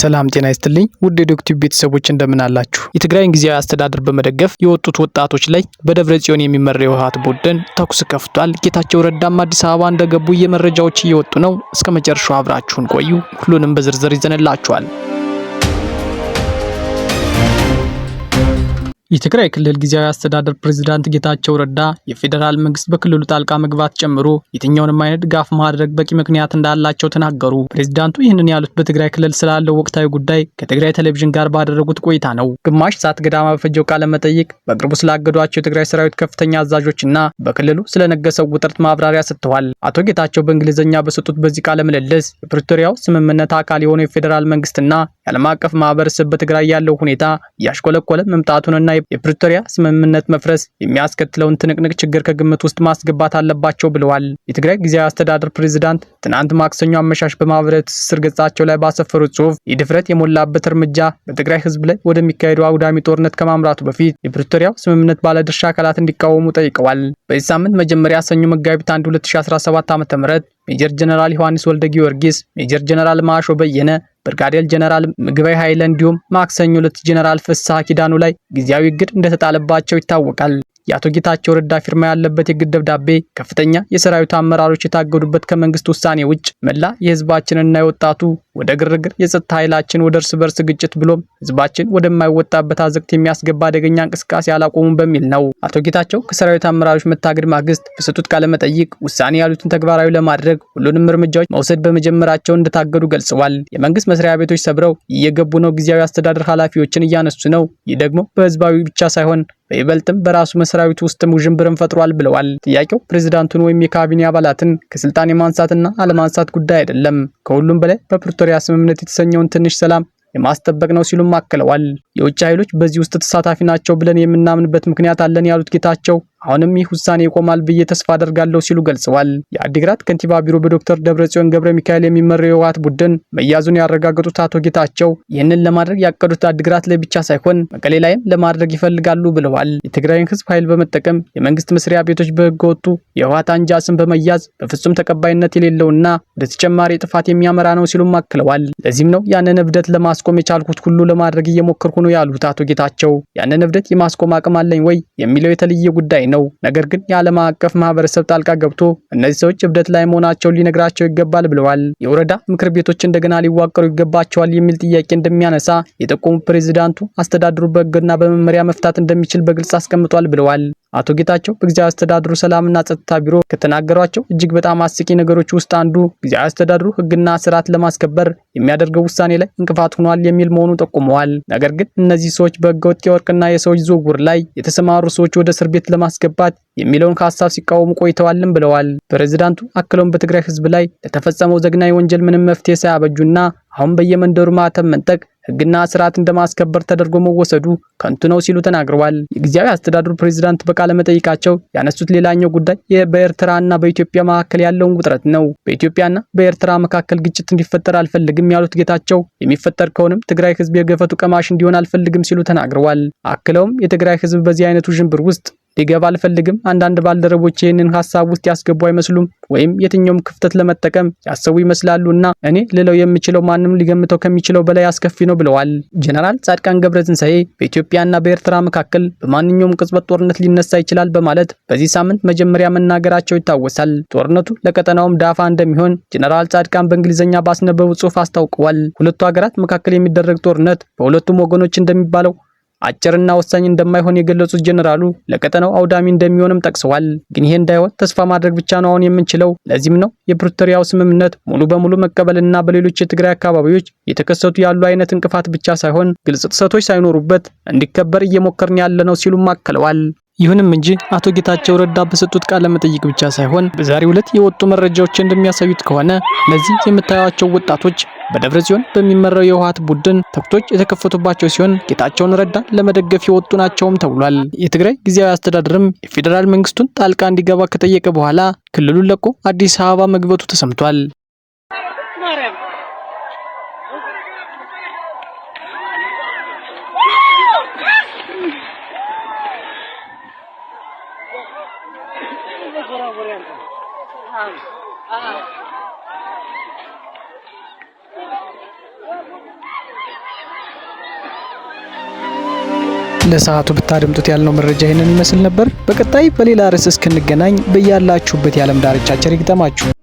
ሰላም ጤና ይስጥልኝ ውድ የዶክቲቭ ቤተሰቦች እንደምን አላችሁ? የትግራይን ጊዜያዊ አስተዳደር በመደገፍ የወጡት ወጣቶች ላይ በደብረ ጽዮን የሚመራው የህወሓት ቡድን ተኩስ ከፍቷል። ጌታቸው ረዳም አዲስ አበባ እንደገቡ የመረጃዎች እየወጡ ነው። እስከ መጨረሻው አብራችሁን ቆዩ። ሁሉንም በዝርዝር ይዘንላችኋል። የትግራይ ክልል ጊዜያዊ አስተዳደር ፕሬዝዳንት ጌታቸው ረዳ የፌዴራል መንግስት በክልሉ ጣልቃ መግባት ጨምሮ የትኛውንም አይነት ድጋፍ ማድረግ በቂ ምክንያት እንዳላቸው ተናገሩ። ፕሬዚዳንቱ ይህንን ያሉት በትግራይ ክልል ስላለው ወቅታዊ ጉዳይ ከትግራይ ቴሌቪዥን ጋር ባደረጉት ቆይታ ነው። ግማሽ ሰዓት ገዳማ በፈጀው ቃለ መጠይቅ በቅርቡ ስላገዷቸው የትግራይ ሰራዊት ከፍተኛ አዛዦችና በክልሉ ስለነገሰው ውጥረት ማብራሪያ ሰጥተዋል። አቶ ጌታቸው በእንግሊዝኛ በሰጡት በዚህ ቃለ ምልልስ የፕሪቶሪያው ስምምነት አካል የሆነው የፌዴራል መንግስትና የዓለም አቀፍ ማህበረሰብ በትግራይ ያለው ሁኔታ እያሽቆለቆለ መምጣቱንና የፕሪቶሪያ ስምምነት መፍረስ የሚያስከትለውን ትንቅንቅ ችግር ከግምት ውስጥ ማስገባት አለባቸው ብለዋል። የትግራይ ጊዜያዊ አስተዳደር ፕሬዚዳንት ትናንት ማክሰኞ አመሻሽ በማህበራዊ ትስስር ገጻቸው ላይ ባሰፈሩት ጽሁፍ የድፍረት የሞላበት እርምጃ በትግራይ ህዝብ ላይ ወደሚካሄደው አውዳሚ ጦርነት ከማምራቱ በፊት የፕሪቶሪያው ስምምነት ባለድርሻ አካላት እንዲቃወሙ ጠይቀዋል። በዚህ ሳምንት መጀመሪያ ሰኞ መጋቢት 1 2017 ዓ.ም ሜጀር ጀነራል ዮሐንስ ወልደ ጊዮርጊስ፣ ሜጀር ጀነራል ማሾ በየነ፣ ብርጋዴር ጀነራል ምግበይ ኃይለ እንዲሁም ማክሰኞ ዕለት ጀነራል ፍስሐ ኪዳኑ ላይ ጊዜያዊ እግድ እንደተጣለባቸው ይታወቃል። የአቶ ጌታቸው ረዳ ፊርማ ያለበት የግድ ደብዳቤ ከፍተኛ የሰራዊት አመራሮች የታገዱበት ከመንግስት ውሳኔ ውጭ መላ የህዝባችንና የወጣቱ ወደ ግርግር የጸጥታ ኃይላችን ወደ እርስ በርስ ግጭት ብሎም ህዝባችን ወደማይወጣበት አዘቅት የሚያስገባ አደገኛ እንቅስቃሴ አላቆሙም በሚል ነው። አቶ ጌታቸው ከሰራዊት አመራሮች መታገድ ማግስት በሰጡት ቃለመጠይቅ ውሳኔ ያሉትን ተግባራዊ ለማድረግ ሁሉንም እርምጃዎች መውሰድ በመጀመራቸው እንደታገዱ ገልጸዋል። የመንግስት መስሪያ ቤቶች ሰብረው እየገቡ ነው፣ ጊዜያዊ አስተዳደር ኃላፊዎችን እያነሱ ነው። ይህ ደግሞ በህዝባዊ ብቻ ሳይሆን በይበልጥም በራሱ መስሪያ ቤት ውስጥም ውዥንብርን ፈጥሯል ብለዋል። ጥያቄው ፕሬዚዳንቱን ወይም የካቢኔ አባላትን ከስልጣን የማንሳትና አለማንሳት ጉዳይ አይደለም፣ ከሁሉም በላይ በፕሪቶሪያ ስምምነት የተሰኘውን ትንሽ ሰላም የማስጠበቅ ነው ሲሉም አክለዋል። የውጭ ኃይሎች በዚህ ውስጥ ተሳታፊ ናቸው ብለን የምናምንበት ምክንያት አለን ያሉት ጌታቸው አሁንም ይህ ውሳኔ ይቆማል ብዬ ተስፋ አደርጋለሁ ሲሉ ገልጸዋል። የአዲግራት ከንቲባ ቢሮ በዶክተር ደብረጽዮን ገብረ ሚካኤል የሚመራው የህወሓት ቡድን መያዙን ያረጋገጡት አቶ ጌታቸው ይህንን ለማድረግ ያቀዱት አዲግራት ላይ ብቻ ሳይሆን መቀሌ ላይም ለማድረግ ይፈልጋሉ ብለዋል። የትግራይን ህዝብ ኃይል በመጠቀም የመንግስት መስሪያ ቤቶች በህገወጡ የህወሓት አንጃ ስም በመያዝ በፍጹም ተቀባይነት የሌለውና ወደ ተጨማሪ ጥፋት የሚያመራ ነው ሲሉም አክለዋል። ለዚህም ነው ያንን እብደት ለማስቆም የቻልኩት ሁሉ ለማድረግ እየሞከርኩ ነው ያሉት አቶ ጌታቸው ያንን እብደት የማስቆም አቅም አለኝ ወይ የሚለው የተለየ ጉዳይ ነው ነው። ነገር ግን የዓለም አቀፍ ማህበረሰብ ጣልቃ ገብቶ እነዚህ ሰዎች እብደት ላይ መሆናቸውን ሊነግራቸው ይገባል ብለዋል። የወረዳ ምክር ቤቶች እንደገና ሊዋቀሩ ይገባቸዋል የሚል ጥያቄ እንደሚያነሳ የጠቆሙ ፕሬዚዳንቱ አስተዳድሩ በህግና በመመሪያ መፍታት እንደሚችል በግልጽ አስቀምጧል ብለዋል። አቶ ጌታቸው በጊዜያዊ አስተዳድሩ ሰላምና ጸጥታ ቢሮ ከተናገሯቸው እጅግ በጣም አስቂ ነገሮች ውስጥ አንዱ ጊዜያዊ አስተዳድሩ ሕግና ስርዓት ለማስከበር የሚያደርገው ውሳኔ ላይ እንቅፋት ሆኗል የሚል መሆኑ ጠቁመዋል። ነገር ግን እነዚህ ሰዎች በህገወጥ የወርቅና የሰዎች ዝውውር ላይ የተሰማሩ ሰዎች ወደ እስር ቤት ለማስገባት የሚለውን ሀሳብ ሲቃወሙ ቆይተዋልም ብለዋል። ፕሬዚዳንቱ አክለውን በትግራይ ሕዝብ ላይ ለተፈጸመው ዘግናዊ ወንጀል ምንም መፍትሄ ሳያበጁና አሁን በየመንደሩ ማተም መንጠቅ ህግና ስርዓት እንደማስከበር ተደርጎ መወሰዱ ከንቱ ነው ሲሉ ተናግረዋል። የጊዜያዊ አስተዳደሩ ፕሬዚዳንት በቃለ መጠይቃቸው ያነሱት ሌላኛው ጉዳይ በኤርትራና በኢትዮጵያ መካከል ያለውን ውጥረት ነው። በኢትዮጵያና በኤርትራ መካከል ግጭት እንዲፈጠር አልፈልግም ያሉት ጌታቸው የሚፈጠር ከሆነም ትግራይ ህዝብ የገፈቱ ቀማሽ እንዲሆን አልፈልግም ሲሉ ተናግረዋል። አክለውም የትግራይ ህዝብ በዚህ አይነቱ ውዥንብር ውስጥ ሊገባ አልፈልግም። አንዳንድ ባልደረቦች ይህንን ሀሳብ ውስጥ ያስገቡ አይመስሉም ወይም የትኛውም ክፍተት ለመጠቀም ያሰቡ ይመስላሉ እና እኔ ልለው የምችለው ማንም ሊገምተው ከሚችለው በላይ አስከፊ ነው ብለዋል። ጀነራል ጻድቃን ገብረትንሳኤ በኢትዮጵያና በኤርትራ መካከል በማንኛውም ቅጽበት ጦርነት ሊነሳ ይችላል በማለት በዚህ ሳምንት መጀመሪያ መናገራቸው ይታወሳል። ጦርነቱ ለቀጠናውም ዳፋ እንደሚሆን ጀነራል ጻድቃን በእንግሊዝኛ ባስነበቡ ጽሑፍ አስታውቀዋል። ሁለቱ ሀገራት መካከል የሚደረግ ጦርነት በሁለቱም ወገኖች እንደሚባለው አጭርና ወሳኝ እንደማይሆን የገለጹት ጀኔራሉ ለቀጠናው አውዳሚ እንደሚሆንም ጠቅሰዋል። ግን ይሄ እንዳይሆን ተስፋ ማድረግ ብቻ ነው አሁን የምንችለው። ለዚህም ነው የፕሪቶሪያው ስምምነት ሙሉ በሙሉ መቀበልና በሌሎች የትግራይ አካባቢዎች የተከሰቱ ያሉ አይነት እንቅፋት ብቻ ሳይሆን ግልጽ ጥሰቶች ሳይኖሩበት እንዲከበር እየሞከርን ያለ ነው ሲሉም አክለዋል። ይሁንም እንጂ አቶ ጌታቸው ረዳ በሰጡት ቃለ መጠይቅ ብቻ ሳይሆን በዛሬው ዕለት የወጡ መረጃዎች እንደሚያሳዩት ከሆነ እነዚህ የምታዩቸው ወጣቶች በደብረ ጽዮን በሚመራው የህወሓት ቡድን ተኩሶች የተከፈቱባቸው ሲሆን ጌታቸውን ረዳ ለመደገፍ የወጡ ናቸውም ተብሏል። የትግራይ ጊዜያዊ አስተዳደርም የፌዴራል መንግስቱን ጣልቃ እንዲገባ ከጠየቀ በኋላ ክልሉን ለቆ አዲስ አበባ መግበቱ ተሰምቷል። ለሰዓቱ ብታደምጡት ያልነው መረጃ ይህንን ይመስል ነበር። በቀጣይ በሌላ ርዕስ እስክንገናኝ በያላችሁበት የዓለም ዳርቻ ቸር ይግጠማችሁ።